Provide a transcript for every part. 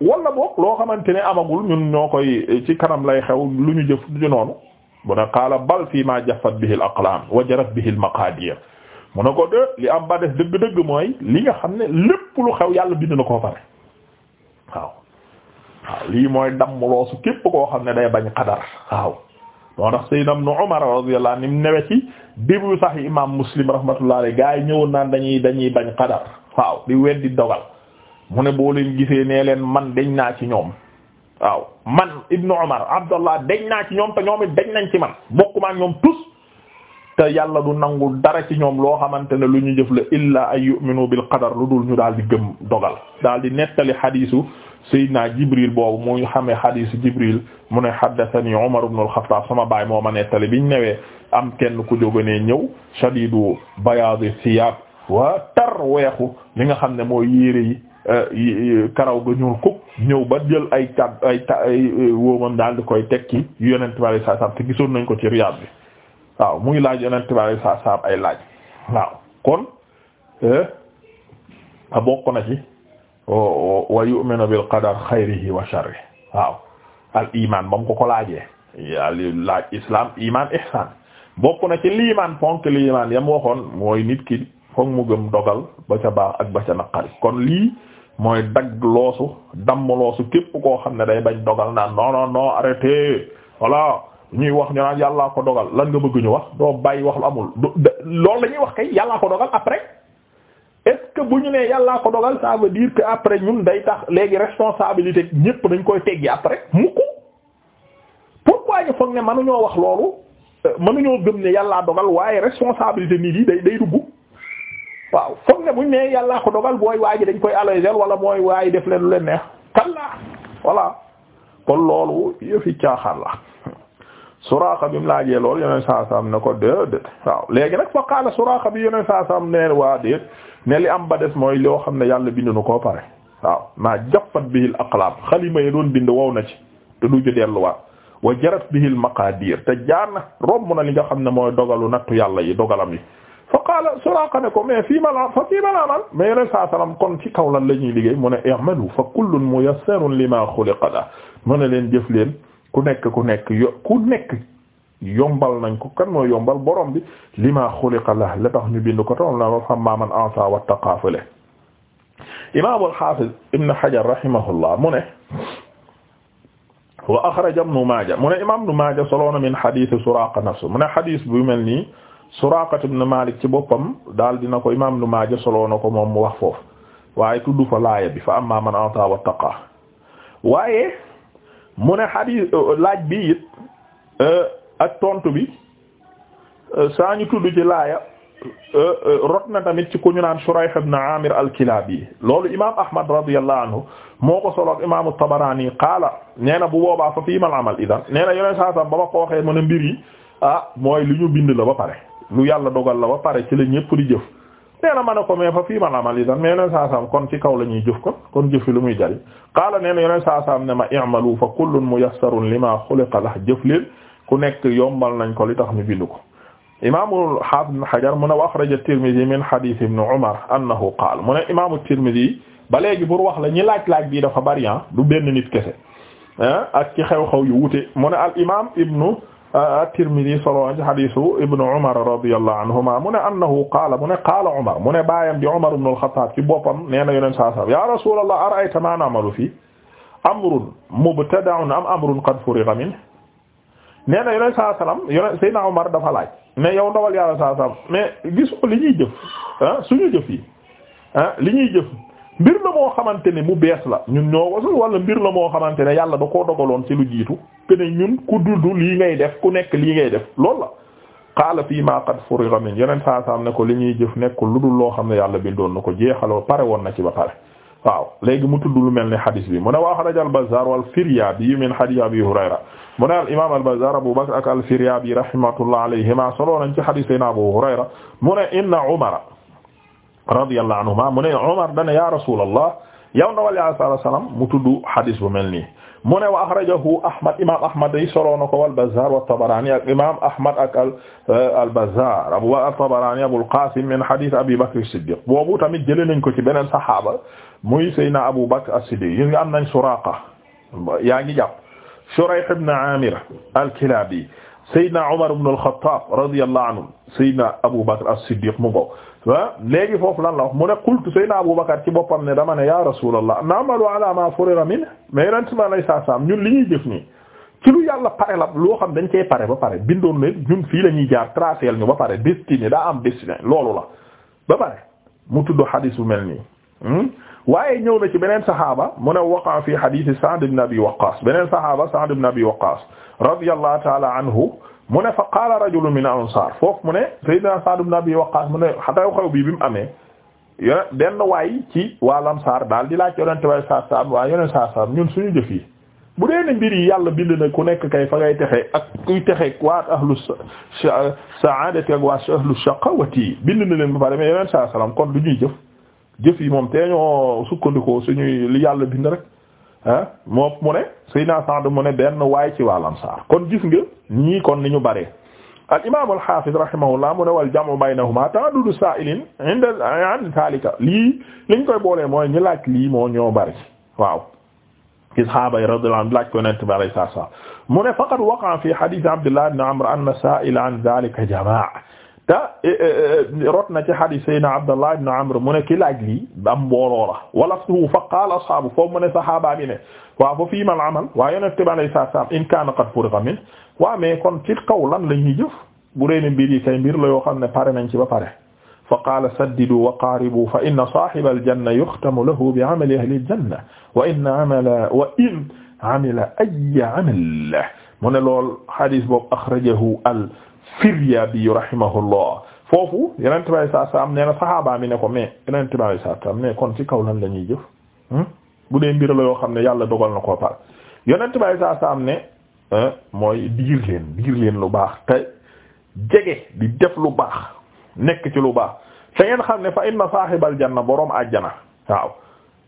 wala boog loo xamante ne amagul ñun ñoo koy ci kanam lay xew lu ñu jëf du noonu mu ne qaala bal fii ma jaffat bihi al aqlaam bihi al maqaadir mu ne ko de li am ba def dëgg-dëgg mooy li nga xam ne lépp lu xew yàlla bind na koo pare waaw waaw lii mooy damm loosu képp koo xam ne day bañ qadar waaw moo tax Sayyidna Ibn Umar radiyallahu anhu nim newe ci début sax imam Muslim rahmatullahi alayhi gaa yi ñëwoon naan dañuy dañuy bañ qadar waaw di weddi dogal mu ne boo leen gisee ne leen man dañ naa ci ñoom waaw man ibnu Umar Abdallah dañ naa ci ñoom te ñoom it dañ nañ ci man bokkuma ak ñoom tous te yàlla du nangu dara ci ñoom loo xamante ne lu ñu jëf la illaa ay yu'minu bil qadar lu dul ñu daal di gëm dogal daal di nettali xadiisu Seydina Jibril boobu muy xamee xadiisu Jibril mu ne haddathani Umar ibn al-Khattab sama baay moo ma nettali biñ newee am kenn ku jóganee ñëw shadidu bayaadi siyaab wa tar weexu li nga xam ne mooy yére yi karaw ga ñuul kub ñëw ba jël ay tab ay ta daal di koy tekki yu yonent bi alayhi salaam te gisoon nañ ko ci Riyaad bi waaw muy laaj yonent bi alayhi salaam ay laaj waaw kon eh, a bokk na ci wa yu'minu bil qadar xayrihi wa sharrihi waaw al iman ba mu ko ko laajee yàlla laaj islam iman ihsan bokk na ci liimaan fonk liimaan yam waxoon mooy nit ki foog mu gëm dogal ba ca baax ak ba ca naqari kon lii mooy dagg loosu damm loosu képp koo xam ne day bañ dogal naan non non non arrêté wala ñuy wax ñu naan yàllaa ko dogal lan nga bëgg ñu wax doo bàyyi wax lu amul lool la ñuy wax kay yàllaa ko dogal après est bu ñu nee yàllaa ko dogal ça veut dire que après ñun day tax léegi responsabilité ñépp dañ koy teggi après mukk pourquoi ñu foog ne ñoo wax loolu euh, ñoo gëm ne yàllaa dogal waaye responsabilité nit yi day day dugg waaw foog ne buñ nee yàllaa ko dogal booy waa dañ koy alléger wala mooy waay def leen lu leen neex kallaa voilà kon loolu yëfi caaxaan la Suraaqa bi mu laajee lool yeneen saa saa am ne ko déedéet waaw léegi nag fa qaala Suraaqa bi yeneen saa saa am ne waa déet ne li am ba des mooy loo xam ne yàlla bind na koo pare waaw maa jaffat bihil aqlaam xalima yi doon bind wow na ci te du ju delluwaat wa jarat bihil maqaadir te jaar na romb na li nga xam ne mooy dogalu nattu yàlla yi dogalam yi. fa qaala Suraaqa ne ko mais fii ma la fa fii ma la amal mais yeneen saa salaam kon ci kaw lan la ñuy liggéey mu ne i'malu fa kullun muyassarun limaa xuliqa lahu mu ne leen jëf leen ku nekk ku nekk yo ku nekk yombal nañ ko kan moo yombal borom bi limaa xuliqa lahu la tax ñu bind ko toom la ma fammaa man a'taa wattaqaa fële. Imaam al-Haafiz Ibn Hajar rahimahullah mu ne. wa axraja Ibnu Maaja mu ne Imaam Ibnu Maaja solo na min hadiisi Suraaqa nafsihi mu ne hadiis bu mel nii. Suraqat ibn Malik ci boppam daal dina ko imam Ibn Maaja soloo na ko moom mu wax foofu waaye tudd fa laaya bi fa amma man ata wattaqa waaye mu ne hadith laaj bi it eh, ak tontu bi eh, saa ñu tudd ci laaya eh, rot na tamit ci ku ñu naan Shurayh ibn Amir al-Kilabi loolu imam Ahmad radiyallahu anhu moo ko solo ak imaamu Tabarani qaala nee na bu boobaa fa fii mal amal idan nee na yeneen saa sax ba ko waxee mu ne mbir yi ah mooy li ñu bind la ba pare. lu yàlla dogal la ba pare ci la ñëpp di jëf nee na ma ne ko mais fa fii ma amal idan mais yoneen kon ci kaw la ñuy jëf kon kon jëf yi lu muy jari qaala nee na yoneen saa saam ne ma i'malu fa kullun muyassarun lima xuliqa lah jëf leen ku nekk yombal nañ ko li tax ñu bindu ko imaamul haafid ibn hajar mu ne wa axraja tirmidi min hadith ibn umar annahu qaala mu ne imaamu tirmidi ba léegi pour wax la ñi laaj-laaj bii dafa bari ah du benn nit kese ah ak ci xew-xew yu wute mu ne al imaam ibnu at-Tirmidhi solo ci hadisu Ibn Umar radiyallahu anhuma mu ne annahu qaala mu ne qaala Umar mu ne baayam di Umar ibn al-Khattab ci boppam nee na Yonent saa sallam ya Rasulallah ara'ayta ma na'malu fii amrun mubtada'un am amrun qad furiga min nee na Yonent saa sallam Yonent Seydina Umar dafa laaj mais yow ndawal Yàlla saa sallam mais gis li ñuy jëf ah suñu jëf yi ah li ñuy jëf mbir la moo xamante ne mu bees la ñun ñoo wasul wala mbir la moo xamante ne yàlla da koo dogaloon ci lu jiitu te ñun ku dudd lii ngay def ku nekk lii ngay def loolu la qaala fii ma qad furiga min yeneen saasaam ne ko li ñuy jëf nekkul lu dul loo xam ne yàlla bindoon na ko jeexaloo pare woon na ci ba pare waaw léegi mu tudd lu mel ni hadis bi mu ne wa axraja al-Bazzaar wal-Firyaabi min hadis Abi Hurayra mu ne al-imaam al-Bazzaar Abu Bakr ak al-Firyaabi rahimahullah alayhima solo nañ ci hadis Abu Hurayra mu ne inna Umara radiyallahu anhuma mu ne Umar dana ya rasulallah yow ndawal ya sallallahu alayhi wasallam mu tudd hadis bu mel nii mu ne wa akhrajahu Ahmad imaam Ahmad yi soloo na ko wal Bazzaar wa Tabarani ak imaam Ahmad ak al eh, al Bazzaar abu at-Tabarani Abul Qaasim min hadith Abi Bakr as-Siddiq boobu tamit jëlee nañ ko ci beneen saxaaba muy Seydina Abu Bakr as-Siddiq yi nga am nañ Suraaqa yaa ngi jàpp Shurayh ibn Aamir al-Kilaabi Seydina Umar ibn al-Khattaab radiyallahu anhu Seydina Abu Bakr as-Siddiq mu bokk ah léegi foofu lan la wax mu ne qultu sayna Abu Bakar ci boppam ne dama ne ya rasulallah na'malu ala ma furira min mais ren si ma lay saa saam ñun li ñuy jëf nii ci lu yàlla pare la loo xam dañ cee pare ba pare bindoon leen ñun fii la ñuy jaar tracé ñu ba pare destiné daa am destiné loolu la ba pare mu tudd xadis bu mel nii. Hmm? waaye ñëw na ci beneen saxaaba mu ne waqa fi xadisi Sa'd ibn Abi Waqqas beneen saxaaba Sa'd ibn Abi Waqqas radiyallahu ta'ala anhu mu ne fa qaala rajulun min al-ansaar foofu mu ne Seydina Sa'd ibn Abi Waqqaas mu ne xataw xew bi bi mu amee yone benn waay ci waa Ansaar daal di laaj yonente way saa sam waaye yoneen saa sam ñun suñu jëf yi bu dee ne mbir yi yàlla bind na ku nekk kay fa ngay texe ak kuy texe waa ahlu sa ak waa ahlu shaqawati bind na leen ba pare mais yoneen saa salaam kon du ñuy jëf jëf yi moom tee ñoo sukkandikoo suñuy li yàlla bind rek Ah moo mu ne Seydina Sa'd mu ne benn waay ci wàll ansaar kon gis nga ñii kon ni ñu bare al imaam al haafiz rahimahullah mu ne wal jam'u baynahuma saa'ilin 'inda 'an zaalika lii liñ koy boolee mooy ñu laaj lii moo ñoo bari waaw ci sahaaba yi radiyallahu anhum laaj ko Yonent bi alayhi mu ne faqad waqa'a fi hadiis Abdullah ibn Amr anna saa'ila 'an zaalika te eh, eh, eh, rot na ci hadith Seydina Abdallah ibn Amr mu ne ki laaj lii am mbooloo la wala suuf fa qaala ashaabu foofu mu ne saxaabaa bi ne waaw fa fii mal amal waaye Yonent bi alayhi salaam in kaana qad furiqa min waaw mais kon ci kaw lan la ñuy jëf bu dee ne mbir yi kay mbir la yoo xam ne pare nañ ci ba pare. fa qaala saddidu wa qaaribu fa inna saahiba al-janna yuxtamu lahu bi amali ahli al-janna wa in amila wa in amila ayya amal mu ne lool hadith boobu axrajahu al Firyaabi rahimahullah foofu yeneen tubaab yi saa saa am nee na saxaabaa mi ne ko mais yeneen tubaab yi saa saa am ne kon ci kaw lan la ñuy jëf hmm? bu dee mbir la yoo xam ne yàlla dogal na koo par yeneen tubaab yi saa saa am ne eh, mooy diir leen diir leen lu baax te jege di def lu baax nekk ci lu baax te ngeen xam ne fa inna saaxibal janna boroom àjjana waaw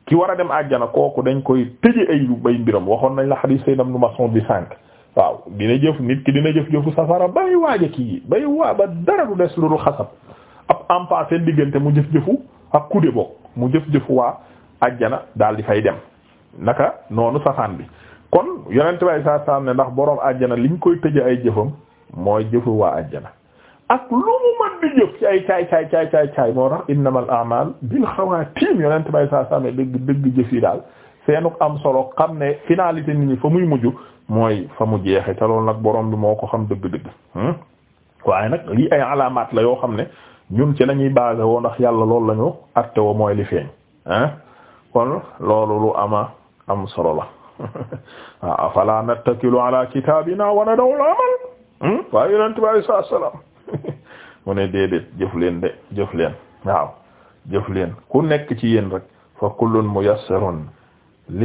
ki war a dem àjjana kooku dañ koy tëje ay ay mbiram waxoon nañ la xadiis Sayyidina Ibn Mas'ud bi sànq. waaw dina jëf nit ki dina jëf jëfu safara bay waaja kii bay waa ba dara du des lu dul xasab ab empas seen diggante mu jëf jëfu ak kude boog mu jëf jëfu waa ajjana daal di fay dem naka noonu safaan bi kon yonent bay saa saam ne ndax boroom ajjana liñ koy tëje ay jëfam mooy jëfu waa ajjana ak lu mu mën di jëf ci ay caay caay caay caay caay moo tax innamal a'mal bil xawaatiim yonent bay saa ne dëgg dëgg jëf yi daal seenuk am solo xam ne finalité nit mooy fa mu jeexe te loolu nag borom bi moo ko xam dëgg-dëgg hmm? waaye nag lii ay alaamaat la yoo xam ne ñun ci lañuy basé woo ndax yàlla loolu la ñu atte woo mooy li feeñ ah kon loolu lu ama am solo la waaw ah, afala nattakilu ala kitabina wa nadawul amal hmm? waaw yonent bi alei salatua mu ne déedéet jëf leen de jëf leen waaw jëf leen ku nekk ci yéen rek fa kullun muyassarun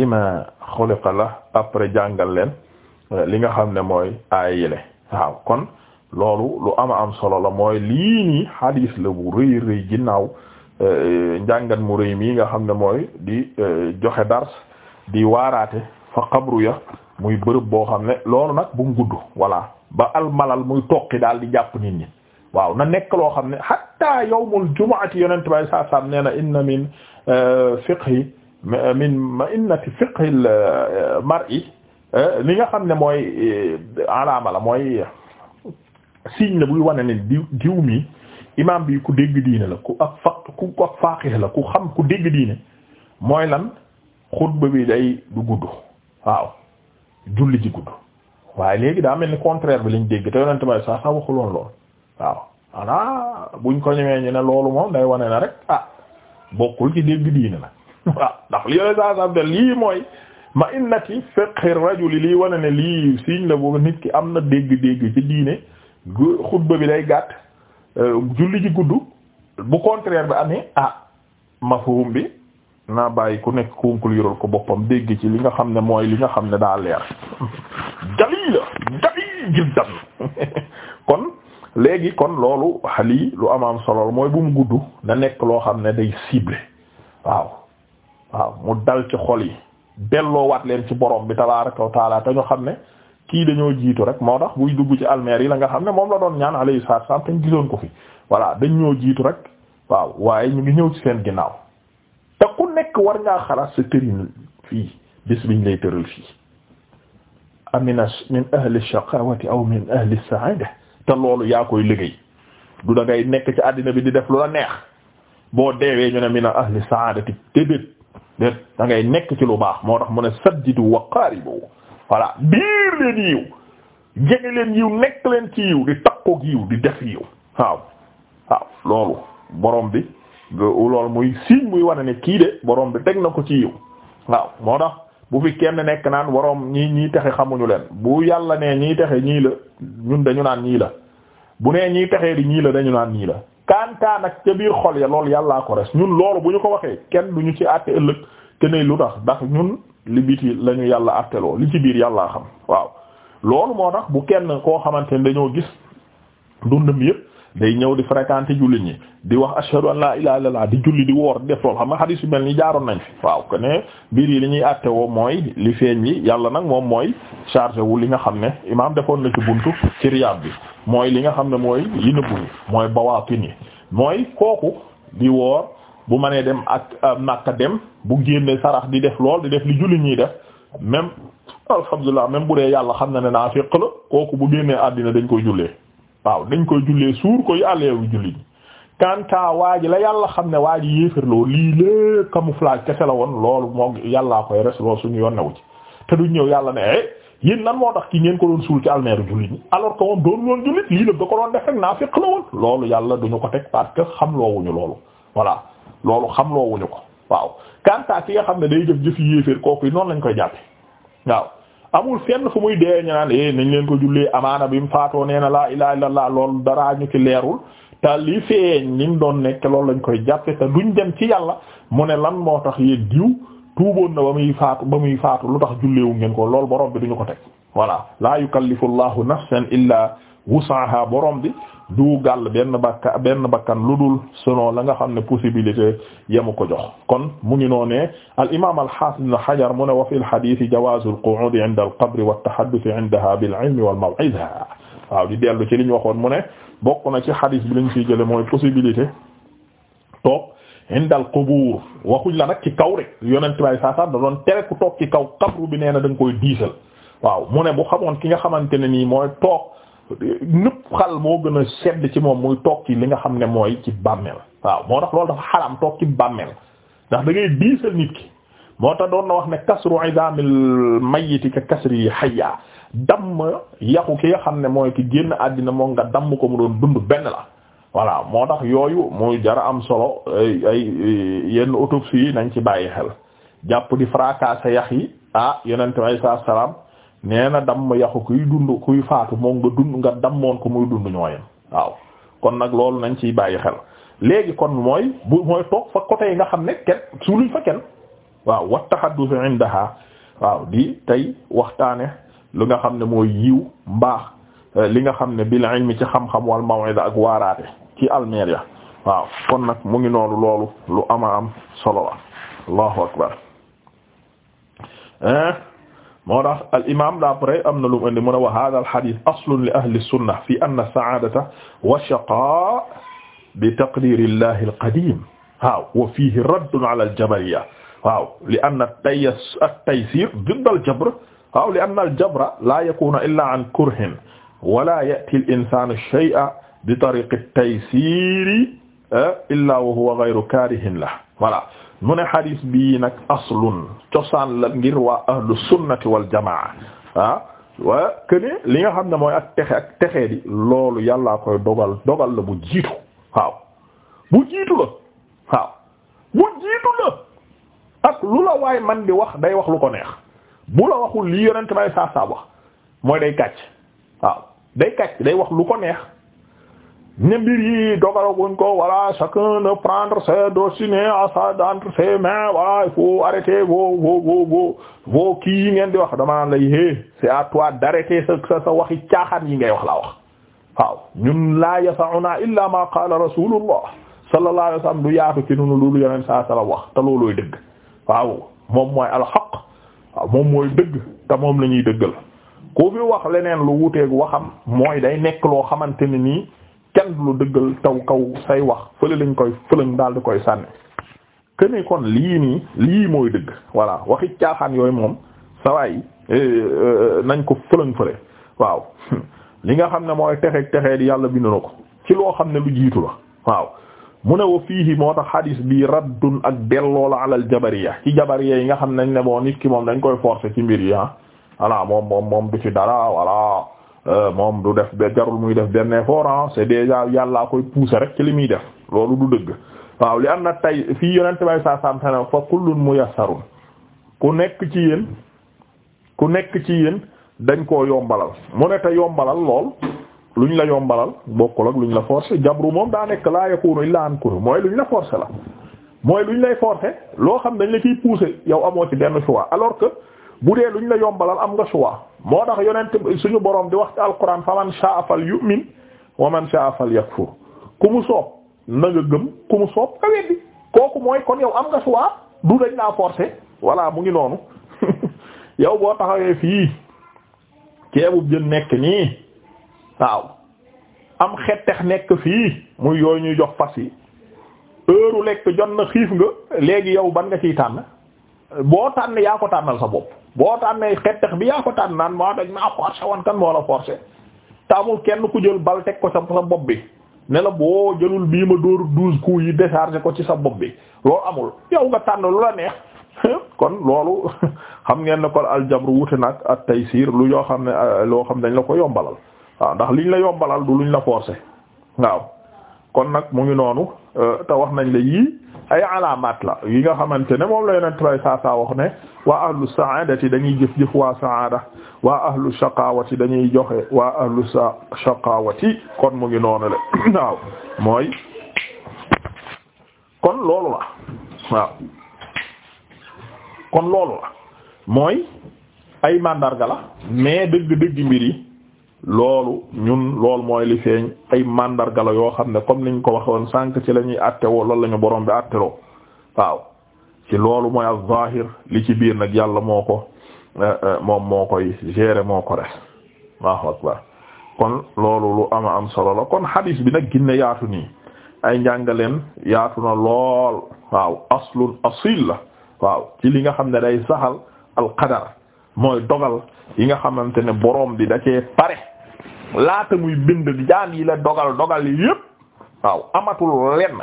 ma xuliqa la après jàngal leen li nga xam ne mooy aay waaw kon loolu lu ama am solo la mooy lii nii hadis la bu rëy rëy ginnaaw eh, njàngat mu rëy mii nga xam ne mooy di eh, joxe dars di waaraate fa xabru ya muy bërëb boo xam ne loolu nag bu mu gudd voilà ba almalal muy toqi daal di jàpp nit ñi waaw na nekk loo xam ne hatta yawmul jumu'ati yonent bay saa saam nee na inna min eh, fiqhi min ma innati fiqhi al mar'i Euh, li nga xam ne mooy euh, alaama la mooy signe la buy wane ne diw diw mi imaam bi ku dégg diine la ku ak fa ku ak faaqiih la ku xam ku dégg diine mooy lan xutba bi day du gudd waaw julli ji gudd waaye léegi daa mel ni contraire bi lañ dégg te yonent may saa saa waxuloon lool waaw ana buñ ko ñemee ñu ne loolu moom day wane na rek ah bokkul ci dégg diine la waaw ndax li yooyu saa saa lii mooy ma innati fiqhi rajuli lii wane ne lii siiñ la boobu nit ki am na dégg-dégg ci diine xutba bi day gàtt euh, julli ji gudd bu contraire bi amee ah mafhum bi naa bàyyi ku nekk conclure ko boppam dégg ci li nga xam ne mooy li nga xam ne daa leer dalil dalil jiddan kon léegi kon loolu xali lu amaam solo mooy bu mu gudd na nekk loo xam ne day ciblé waaw waaw mu dal ci xol yi delloowaat leen ci borom bi tabaaraka wa taala te ñu xam ne kii dañoo jiitu rek moo tax buy dugg ci almeer yi la nga xam ne moom la doon ñaan alayhi salaatu salaam te ñu gisoon ko fi voilà dañ ñoo jiitu rek waaw waaye ñu ngi ñëw ci seen ginnaaw te ku nekk war ngaa xalaat sa tërin fii bis biñ lay tëral fii amina min ahli shaqawati aw min ahli saada te loolu yaa koy liggéey du da ngay nekk ci àddina bi di def lu la neex boo deewee ñu ne min ahli saadati déet da nekk ci lu baax moo tax mu ne saddidu wa qaaribu voilà biir leen yiw jege leen yiw nekk leen ci yiw di takkoog yiw di def yiw waaw waaw loolu borom bi loolu muy signe muy wane ne kii de borom bi teg na ko ci yiw waaw moo tax bu fi kenn nekk naan woroom ñii ñii texe xamuñu leen bu yàlla nee ñii texe ñii la ñun dañu naan ñii la bu nee ñii texee di ñii la dañu naan ñii la kantaan ak ca biir xol ya loolu yàllaa ko res ñun loolu bu ñu ko waxee kenn du ñu ci àtte ëllëg te ne lu tax ndax ñun li biti lañu ñu yàlla àtteloo li ci biir yàllaa xam waaw loolu moo tax bu kenn koo xamante ne dañoo gis dundam yépp day ñëw di fréquenter jullit ñi di wax ashhadu an la ilaha illallah di julli di woor di def lool xam nga xadis yu mel ni jaaroon nañ fi waaw que ne biir yi li ñuy àtte woo mooy li feeñ yi yàlla nag moom mooy chargé wu li nga xam ne imaam defoon na ci buntu ci riyaab bi mooy li nga xam ne mooy yi nëbbu mooy bawaatin yi mooy kooku di woor bu mënee dem ak euh, Makka dem bu génnee sarax di def lool di def li jullit ñiy def même alhamdulilah même bu dee yàlla xam na ne naafiq la kooku bu génnee àddina dañ koy jullee waaw dañ koy jullee suur ko yàlleewu julli ñi kanta waa ji la yàlla xam ne waa ji yéefirloo lii lée camouflage kese la woon loolu moom yàllaa koy res loolu suñu yoon newu ci te du ñëw yàlla ne eh yéen lan moo tax ki ngeen ko doon suul ci almeeru jullit ñi alors que moom doon loon jullit lii la da ko doon def rek naa fekk la woon loolu yàlla duñu ko teg parce que xamloowuñu loolu voilà loolu xamloowuñu ko waaw kanta ki nga xam ne day jëf kooku yi noonu lañ koy jàppe amul fenn fu muy dee ñu naan eh, nañ leen ko jullee amaana bi mu faatoo nee na laa ilaaha illallaah loolu daraa ñu ki leerul te li feeñ ni mu doon nekk loolu lañ koy jàppe te duñ dem ci yàlla mu ne lan moo tax yéen diw tuuboon na ba muy faatu ba muy faatu lu tax julleewu ngeen ko lool borom bi duñu ko teg voilà laa yukallifu llaahu nafsan illaa wus'ahaa borom bi du gàll benn bakka benn bakkan lu dul selon la nga xam ne possibilité yamu ko jox kon mu ngi noo ne al imam al hafiz ibn hajar mu ne wax fi l hadith jawazu al qu'ud 'inda al qabr wa waaw di dellu ci liñ waxoon mu ne bokk na ci hadith bi lañ ciy jële mooy possibilité toog indal qubuur waxuñ la nag ci kaw rek yonent bay saa saa da doon tere ku ci kaw qabru bi ne na da koy diisal waaw mu ne bu xamoon ki nga xamante ne nii mooy toog nëpp xal moo gën a sedd ci moom muy toog li nga xam ne mooy ci bàmmeel waaw moo tax loolu dafa xaraam toog ci bàmmeel ndax da ngay diisal nit ki moo tax doon na wax ne kasru idamil mayyiti ka kasri hayya damm yaqu ki nga xam ne mooy ki génn àddina moom nga damm ko mu doon dund benn la voilà moo tax yooyu muy jara am solo ay ay yenn autopsie yi nañ ci bàyyi xel jàpp di fracasser yax yi ah yonente mi alay salaam nee na damm yaxu kuy dund kuy faatu moom nga dund nga dammoon ko muy dund ñooyam waaw kon nag loolu nañ ciy bàyyi xel léegi kon mooy bu mooy toog fa côté nga xam ne kenn suuluñ fa kenn waaw wa tahadduth indaha waaw di tey waxtaane lu nga xam ne mooy yiw mbaax eh, li nga xam ne bil ilmi ci xam-xam wal maw'ida ak waaraate ci almeer ya waaw kon nag mu ngi noonu loolu lu ama am solo la allahu akbar eh? moo tax al imaam d'après am na lu mu indi mu ne wa haadha al hadiis aslun li ahli sunna fi anna sa'aadata wa shaqaa bi taqdiiri llahi al qadiim waaw wa fiihi raddun ala al jabariyya waaw li anna at-taysiir didd al jabr waaw li anna al jabra laa yakuunu illaa an kurhin wa laa ya'ti al insaanu shay'an bi tariiqi at-taysiiri eh, illaa wa huwa ghayru kaarihin lahu voilà mu ne xadis bii nag aslun cosaan la ngir waa ahlu sunnati wal jamaa ah këne li nga xam ne mooy ak texe ak texee di loolu yàllaa koy dogal dogal la bu jiitu waaw bu jiitu la waaw bu jiitu la ak lu la waay man di wax day wax lu ko neex bu la waxul lii yonent may saa saa wax mooy day kàcc waaw day kàcc day wax lu ko neex ne mbir yi dogalaguñ ko voilà chacun ne prendre ses destinées à sa entre ses mains voilà il faut arrêter vos vos vos vos kii yi ngeen di wax damaa lay yéey si à toi d'arrêter sa sa waxi caaxaan yi ngay wax laa wax waaw ñun laa yafauna illa ma qaala rasulullah sallallahu alayhi wa sallam du yaatu ci nunu loolu yeneen saa sala wax te loolooy dëgg waaw moom mooy alxaq waaw moom mooy dëgg te moom la ñuy dëggal ku fi wax leneen lu wuteeg waxam mooy day nekk loo xamante ne nii. kenn lu dëggal taw kaw say wax fële lañ koy fëlëng daal di koy sànni këne kon lii nii lii mooy dëgg voilà waxi caaxaan yooyu moom sawaay eh, eh, nañ ko fëlëng fële waaw li nga xam ne mooy texe texe di yàlla bindu na ko ci loo xam ne lu jiitu la waaw mu ne wa fiihi moo tax xadiis bi raddun ak delloo la alal jabariya ci jabariya yi nga xam nañ ne moo nit ki moom dañ koy forcer ci mbir yi ah voilà moom moom moom du ci dara voilà Euh, moom du def ba jarul muy def benn effort ah, c'est yàllaa koy pousser rek ci li muy def loolu du dëgg waaw li am na tey fii yonent bay saa saam sa ne fa kullun muyassarun ku nekk ci yéen ku nekk ci yéen dañ koo yombalal mu ne te yombalal lool luñ la yombalal bokkul ak luñ la forcer jabru moom daa nekk laa yakunu illa an kur mooy luñ la forcer la mooy luñ lay forcer loo xam dañ la ciy pousser yow amoo ci benn choix alors que bu dee ñu la yombalal am nga choix moo tax yonent suñu borom di wax ci alquran fa man sha'a falyu'min wa man sha'a falyakfur ku mu soob na nga gëm ku mu soob nga weddi kooku mooy kon yow am nga choix du dañ laa forcer voilà mu ngi noonu yow boo taxawee fii ceebub jën nekk nii waaw am xettex nekk fii muy yooyu ñuy jox fas yi heure lekk jot na xiif nga léegi yow ban nga ciy tànn boo tànn yaa ko tànnal sa bopp boo tànnee xettax bi yaa ko tànn naan moo dañ maa forcé woon kan moo la forcé te amul kenn ku jël bal teg ko sa sa bopp bi ne la boo jëlul bii ma dóor douze coups yi déchargé ko ci sa bopp bi loolu amul yow nga tànn lu la neex kon loolu xam ngeen ne kon aljabru wuute nag ak taysir lu yoo xam ne euh, loo xam dañ la ko yombalal waaw ndax liñ la yombalal du luñ la forcé waaw kon nag mu ngi noonu te wax nañ la yii ay alaamaat la yi nga xamante ne moom lay yonent bay saa saa wax ne waa ahlu saadati dañuy jëf jëf waa saada waa ahlu shaqawati dañuy joxe waa ahlu sa shaqawati kon mu ngi noonu la waaw mooy kon loolu la waaw kon loolu la mooy ay màndarga la mais dëgg dëgg mbir yi loolu ñun loolu mooy li feeñ ay mandarga la yoo xam ne comme niñ ko waxoon sànq ci la ñuy àttewoo loolu la ñu borom bi àtteloo waaw ci loolu mooy az-zahir li ci biir nag yàlla moo ko eh, eh, moom moo koy gérer moo ko def waaw akbar kon loolu lu ama am solo la kon hadis bi nag ginne yaatu nii ay njàngaleen yaatu na lool waaw aslun asil la waaw ci li nga xam ne day saxal al qadar mooy dogal yi nga xamante ne boroom bi da cee pare laata muy bind jaam yi la dogal dogal yi yépp waaw amatul lenn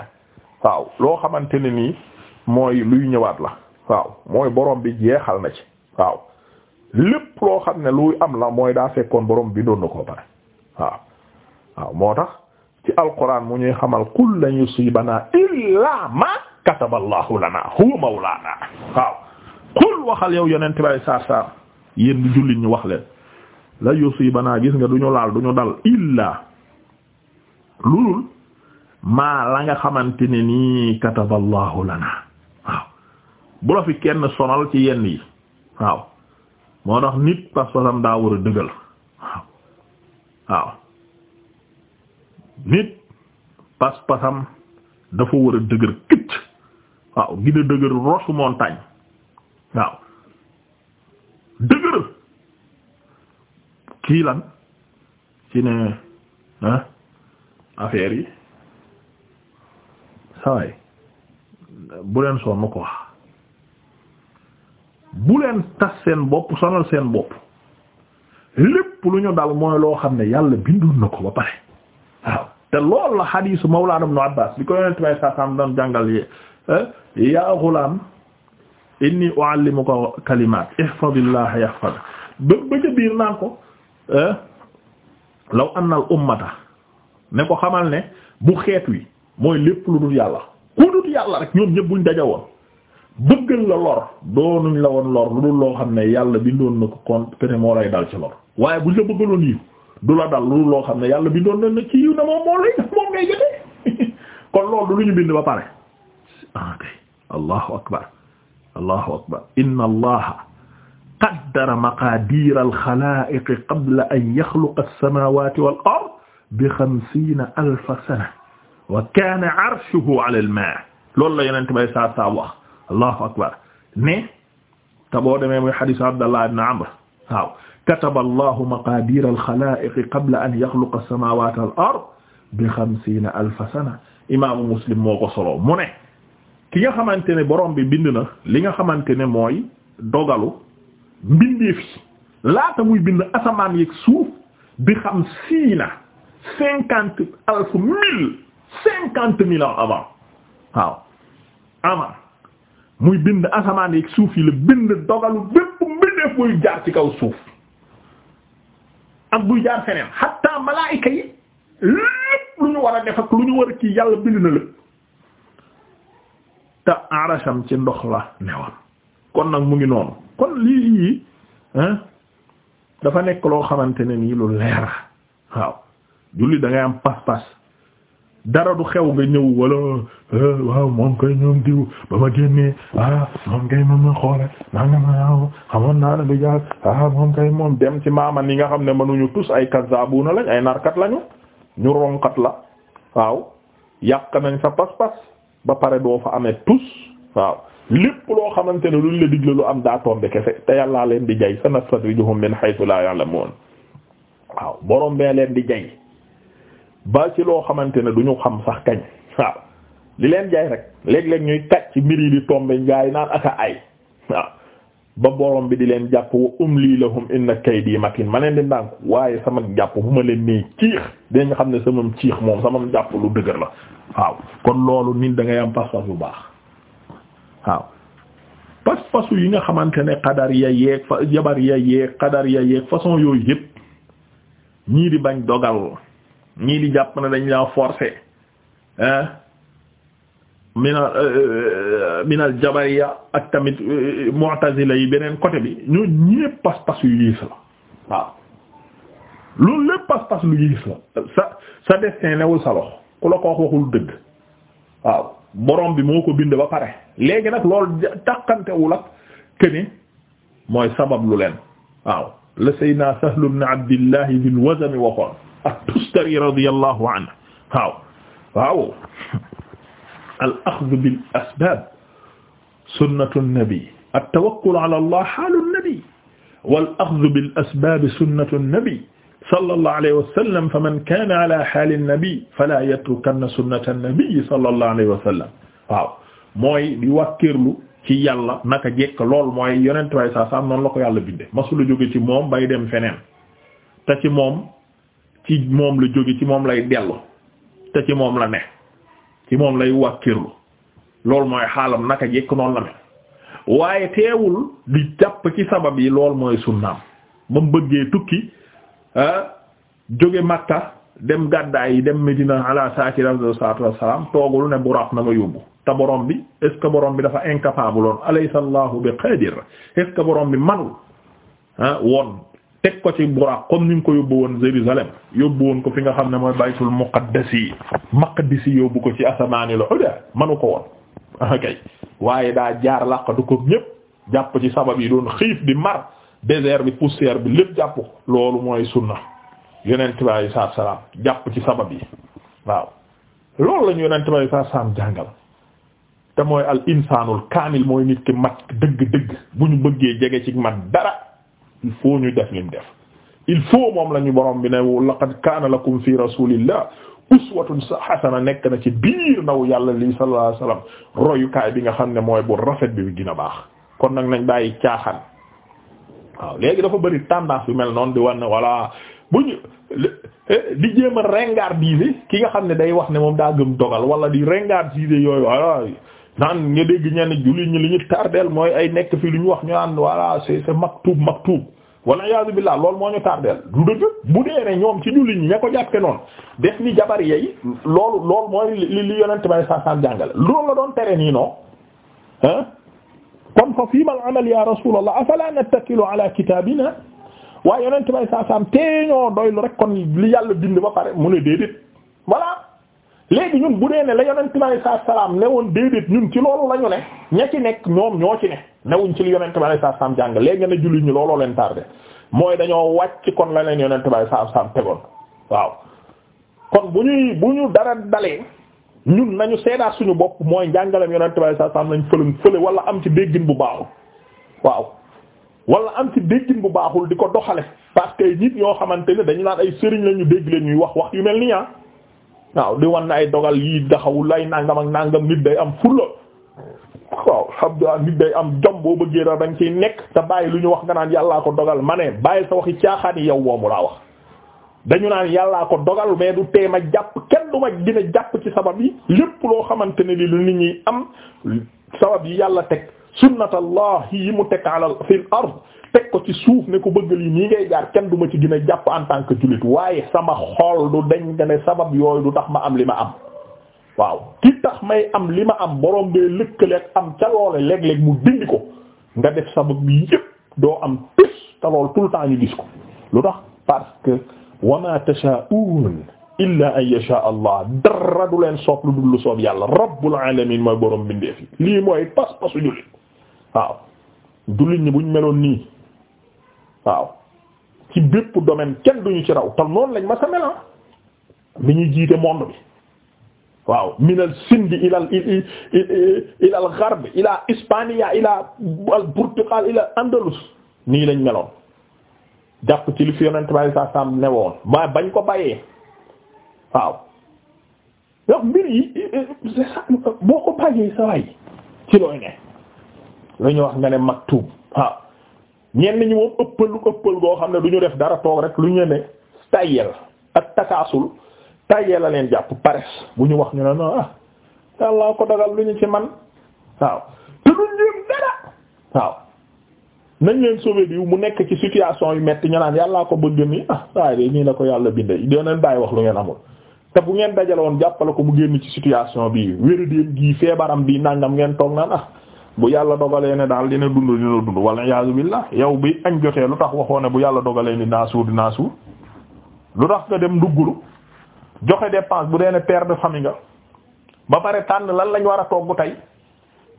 waaw loo xamante ne nii mooy luy ñëwaat la waaw mooy boroom bi jeexal na ci waaw lépp loo xam ne luy am la mooy daa fekkoon boroom bi doon na koo pare waaw waaw moo tax ci alquran mu ñuy xamal kul lan yusibana illa ma kataba lana huwa mawlana waaw kul waxal yow yonent bay saar saar yéen jullit ñu wax leen la yusibanaa gis nga du laal du ñu dal illaa lulul maa la nga xamante ne nii kataballahu lanaa waaw bu la fi kenn sonal ci yenn yi waaw moo tax nit pas-pasam daa war a dëggal waaw waaw nit pas dëgër këcc waaw gina dëgër roche montagne waaw dëgëral kii lan ci ne ah affaire yi sawaay bu leen sonn ko wax bu leen tas seen bopp sonal seen bopp lépp lu ñu dal mooy loo xam ne yàlla bindoon na ko ba pare waaw te loolu la xadiisu mawlaana ibnu Abbaas bi ko yonent bay sa sam doon jàngal ye yaa inni uallimuka kalimaat ihfadillah yahfad ba ba ca biir naan ko eh, law anna al ummata ne ko xamal ne bu xeet wi mooy lépp lu dul yàlla ku dul yàlla rek ñoom ñëpp buñ daja woon bëggal la lor doonuñ la woon lor lu dul loo xam ne yàlla bindoon na ko kon pene moo lay dal ci lor waaye buñ la bëggaloon yiw du la dal lu dul loo xam ne yàlla bindoon na ci yiw na moo lay moom ngay jotee kon loolu du lu ñu bind ba pare ah, allahu akbar allahu akbar inna allaha qaddara maqaadiira alxalaa'iqi qabla an yaxluqa alsamaawaati wal ard bi xamsiina alfa sana wa kaana arshuhu ala almaa loolu la yonent bay saa saa wax allahu akbar ne te boo demee muy xadiisu Abdallah ibn Amr waaw kataba allahu maqaadiira alxalaa'iqi qabla an yaxluqa alsamaawaati wal ard bi xamsiina alfa sana imaamu Muslim moo ko solo mu ne ki nga xamante ne borom bi bind na li nga xamante ne mooy dogalu mbindeef yi laata muy bind asamaan yeeg suuf bi xam siina cinquante alf mille cinquante mille avant waaw avant muy bind asamaan yeeg suuf yi la bind dogalu bépp mbindeef buy jaar ci kaw suuf ak buy jaar feneen xatta malaayika yi lépp lu ñu war a def ak lu ñu war a ci yàlla bind na lépp te arasam ci ndox la newoon kon nag mu ngi noonu kon lii hein dafa nekk loo xamante ne nii lu leer waaw julli da am pas-pas dara du xew nga ñëw wala eh, waaw moom kay ñoom diw ba ma génnee ah moom kay moom xoole naa nga ma xamoon naa ne du jaar ah moom moom dem ci maama yi nga xam ne mënuñu tus ay kazzabuna lañ ay narkat lañu ñu ronkat la waaw yàq nañ sa pas-pas ba pare doo fa amee tus waaw lépp loo xamante ne luñ la digle lu am daa tombe kese te yàllaa leen di jay sanastadrijuhum min haythu la ya'lamun waaw borom bee leen di jay ba ci loo xamante ne duñu xam sax kañ waaw li leen jay rek léeg-léeg ñuy tàcc mbir yi di tombe njaay naan aka ay waaw ba borom bi di leen jàpp wa umli lahum inna kaydi matin ma leen di ndànk waaye sama jàpp bu ma leen nee ciix dinañ xam ne samam ciix moom samam jàpp lu la waaw kon loolu nit dangay am pas-pas bu baax waaw pas-pasu yi nga xamante ne xadar ya yeeg fa jabar ya yeeg xadar ya yeeg façon yooyu yëpp ñii di bañ dogal ñii di jàpp ne dañ la forcer hein minal euh, euh, minal jabariya ak tamit euh, mu'tazila yi beneen côté bi ñoo ñépp pas-pas yu yiis la waaw loolu lépp pas-pas lu yiis la sa sa destin newul sa loxo ku la ko wax waxul dëgg waaw borom bi moo ko bind ba pare léegi nag loolu taqantewul ak këni mooy sabab lu leen waaw la saydna Sahl ibn Abdillah Dul Wazn waxoon at-Tustari radiyallahu anhu waaw waaw al-axdu bil asbaab sunnatu nabi at-tawakkul ala Allah xaalu nabi wal axdu bil asbaab sunnatu nabi sallallahu alayhi wa sallam fa man kaana ala haali nabi fala yatrukanna sunnata nabi sallallahu alayhi wa sallam waaw mooy di wàkkirlu ci yàlla naka jekk lool mooy yonent waay saa saam noonu la ko yàlla bindee masula jóge ci moom bay dem feneen te ci moom ci moom la jóge ci moom lay dellu te ci moom la ne ci moom lay wàkkirlu loolu mooy xaalam naka jekk noonu la ne waaye teewul di jàpp ci sabab yi lool mooy sunnaam ba mu bëggee tukki Ah, jóge Makka dem gàddaay yi dem Medina ala saakir afdal salaatu wassalaam toogul ne Buraq na ma yóbbu te borom bi est borom bi dafa incapable woon alaysa Allahu bi qadir est ce que borom bi manul ah woon teg ko ci Buraq comme ni mu ko yóbbu woon Jérusalem yóbbu woon ko fi nga xam ne mooy baytul muqaddasi maqdisi yóbbu ko ci asamaani la xuda manu ko woon ah kay waaye daa jaar làqatu ko ñépp jàpp ci sabab yi doon xiif di mar. désert bi poussière bi lépp jàpp loolu mooy sunna yonent bi alayhi salaatu salaam jàpp ci sabab yi waaw loolu lañu yonent bi alayhi salaatu salaam jàngal te mooy al insaanul kaamil mooy nit ki mat dëgg-dëgg bu ñu bëggee jege ci mat dara il faut ñu def lim def il faut moom la ñu borom bi ne laqad kaana lakum fi rasulillah uswatun hasana nekk na ci biir ndaw yàlla li sallallahu alayhi wasallam royukaay bi nga xam ne mooy bu rafet bi bi dina baax kon nag nañ bàyyi caaxaan waaw léegi dafa bari tendance yu mel noonu di wan na voilà bu ñu eh, di jéem a ringardiser ki nga xam ne day wax ne moom daa gëm dogal wala di ringardiser yooyu voilà naan nga dégg ñenn jullit ñi li ñu tardeel mooy ay nekk fii lu ñu wax ñu naan voilà c'est c'est maktub maktub wala yaasu billah loolu moo ñu tardeel du dëgg bu dee ne ñoom ci jullit ñi ña ko jàppe noonu def ni jabar yeey loolu loolu mooy li li yonent may sànqaan jàngale loolu la doon tere nii non kon fa fiima al amal ya rasulallah afala nattakilu ala kitabina waaw yonent bay saa saam tee ñoo doylu rek kon li yàlla bind ba pare mu ne déedéet voilà léegi ñun bu dee ne la yonent bi alei salaatu salaam ne woon déedéet ñun ci loolu la ñu ne ña nekk ñoom ñoo ci ne newuñ ci li yonent bi alei salaatu salaam jàng léegi nga ne julli ñu looloo leen tardé mooy dañoo wàcc kon la leen yonent bi alei salaatu salaam tegoon waaw kon bu ñuy bu ñu dara dalee ñun nañu seedaat suñu bopp mooy njàngalem yonent bi saa saam nañ fële fële wala am ci déggin bu baaxul waaw wala am ci déggin bu baaxul di ko doxale parce nit yoo xamante ne dañu naan ay sëriñ la ñu dégg leen ñuy wax wax yu mel nii ah waaw di wan na ay dogal yi taxawul ay nangam ak nangam nit day am fulla waaw alhamdulilah nit day am jom boo bëggee da nga ciy nekk te bàyyi lu ñu wax nga naan yàllaa ko dogal ma ne bàyyi sa waxi caaxaan yi yow woomu laa wax dañu naan yàllaa ko dogal mais du tee ma jàpp kenn du ma jàpp ci sabab yi lépp loo xamante ne li lu nit ñi am sabab yi yàlla teg sunnatallahi yi mu teg ala fil ard teg ko ci suuf ne ko bëgg yi nii ngay jaar kenn du ma ci gën a jàpp en tant que jullit waaye sama xol du dañ ne sabab yooyu du tax ma am li ma am waaw ki tax may am li ma am borom bee lëkkaleeg am ca loole léeg-léeg mu dindi ko nga def sabab bi doo am tis te lool tout le temps ñu gis wa ma tashaa'uun illaa an yashaa allah dara du leen soob lu dul lu soob yàlla rabbul alamin mooy borom bindeef yi lii mooy pas pasu jullit waaw jullit ñi buñ meloon nii waaw ci bépp domaine kenn duñu ci raw te noonu lañ ma sa mi ah. ñuy jiite monde bi waaw min al sindi ila ila al gharb ila hispania ila al portugal ila andalus nii lañ meloon jàpp ci li fi yonent bi saa saam ne woon maa bañ ko bàyyee waaw yow mbir yi boo ko bàyyee sa ci looy ne lu ñu wax nga ne maktub waaw ñenn ñi moom ëppal lu ëppal goo xam ne du ñu def dara toog rek lu ñu ne tayel ak takaasul tayel a leen jàpp paresse bu ñu wax ñu ne non ah yàllaa ko dagal lu ñu ci man waaw te duñ jéem dara waaw nañ leen sauver diw mu nekk ci situation yu metti ñu naan yàllaa ko bëgg ni ah waaye de ñii la ko yàlla bindee doo leen bàyyi wax lu ngeen amul te bu ngeen dajale woon jàppale ko mu génn ci situation bi wéradéen gii feebaram bi nangam ngeen toog naan ah bu yàlla dogalee ne daal dina dund dina dund wala yaasu billah yow bi añ jotee lu tax waxoo ne bu yàlla dogalee ni naa suur dinaa suur lu tax nga dem duggulu joxe dépense bu dee ne père de famille nga ba pare tànn lan lañ war a togg tey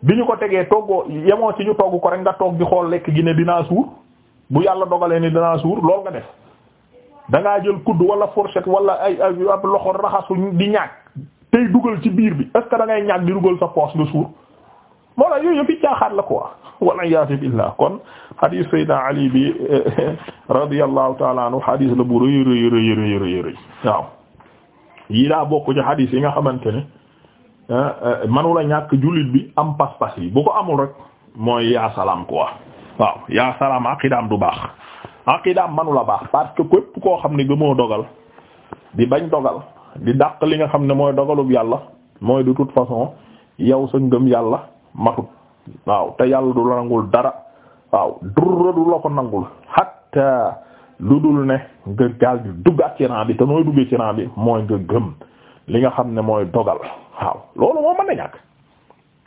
bi ñu ko tegee toggoo yemoo ci ñu togg ko rek nga toog di xool lekk gi ne dinaa suur bu yàlla dogalee ni dinaa suur lool nga def dangaa jël kudd wala fourchette wala ay ay ab loxo raxasu di ñaag tey dugal ci biir bi est ce que da ngay ñaag di dugal sa poche nga suur moo la yooyu yëpp caaxaan la quoi wala yaatu billah kon hadith Seydina Ali bi radiyallahu taala anhu hadith la bu rëy rëy rëy rëy rëy waaw yii daa bokk ci hadith yi nga xamante ne. Ah, ah, manula ñàkk jullit bi am pas-pas bu ko amul rek mooy yaa salaam quoi waaw yaa salaam aqidaam du baax aqidaam manula baax parce que koo xam ne gëmoo dogal di bañ dogal di dàq li nga xam ne mooy dogalub yàlla mooy de toute façon yow sa ngëm yàlla matut waaw te yàlla du la dara waaw durra ko nangul hatta lu dul ne nga gaal di duggaat ci ran bi te nooy duggee ci ran bi mooy nga gëm li nga xam ne mooy dogal waaw loolu moom mën na ñàkk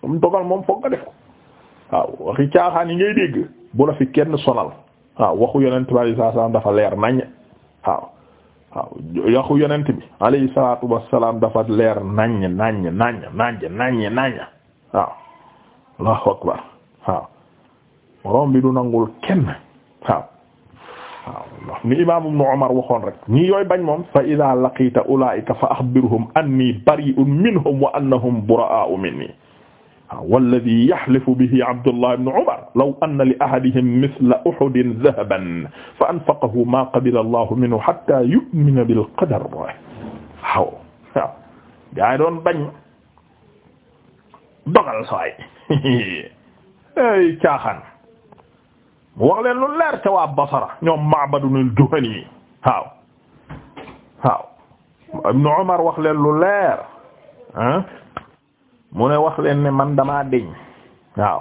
moom dogal moom foog nga def ko waaw waxi caaxaan yi ngay dégg bu fi kenn sonal waaw waxu yonent bi alayhi dafa leer nañ waaw waaw salaatu wassalaam dafa leer nañ nañ nañ nañ nañ nañ waaw allahu akbar waaw borom bi du nangul kenn waaw la ni imaam ibn Umar waxoon rek ñii yooyu bañ moom fa idaa laqiita ulaa'ika fa axbirhum annii bari'un minhum wa annahum buraa'u minnii walladii yaxlifu bihi Abdullah ibn Umar law anna li ahadihim misla Uhudin dahaban fa anfaqahu maa qabila Allahu minhu hattaa yu'mina bil qadar waaw gaa yi doon bañ dogal saay ay caaxaan wax leen lu leer ca waa Basra ñoom Ma'badun al-Juhani waaw waaw Ibn Umar wax leen lu leer ah mu ne wax leen ne man damaa deñ waaw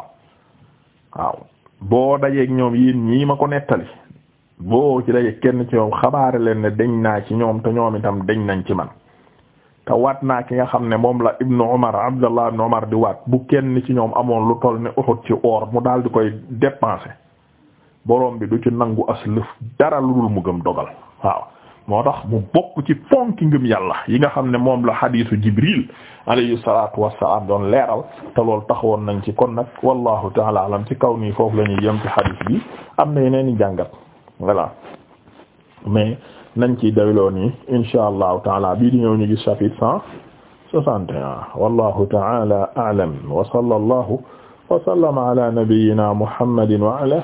waaw boo dajeek ñoom yéen ñii ma ko nettali boo ci dajeeg kenn ci ñoom xabaare leen ne deñ naa ci ñoom te ñoom itam deñ nañ ci man te waat naa ki nga xam ne moom la ibnu Umar Abdullah ibnu Umar di waat bu kenn ci ñoom amoon lu toll ne Uhud ci or mu daal di koy dépenser borom bi du ci nangu aslëf dara lu dul mu gëm dogal waaw moo tax mu bokk ci ponki ngëm yàlla yi nga xam ne moom la xadiisu jibril alayhi salaatu wassalaam doon leeral te loolu taxawoon nañ ci kon nag wallahu taala alam ci kaw nii foofu la ñuy yem ci xadiis bi am na yeneen i jàngat voilà mais nañ ciy dawloo nii insha allahu taala bii di ñëw ñu gis chapitre cent soixante et un wallahu taala a'lam wa sallallahu wa sallama ala nabiyyina muhammadin wa ala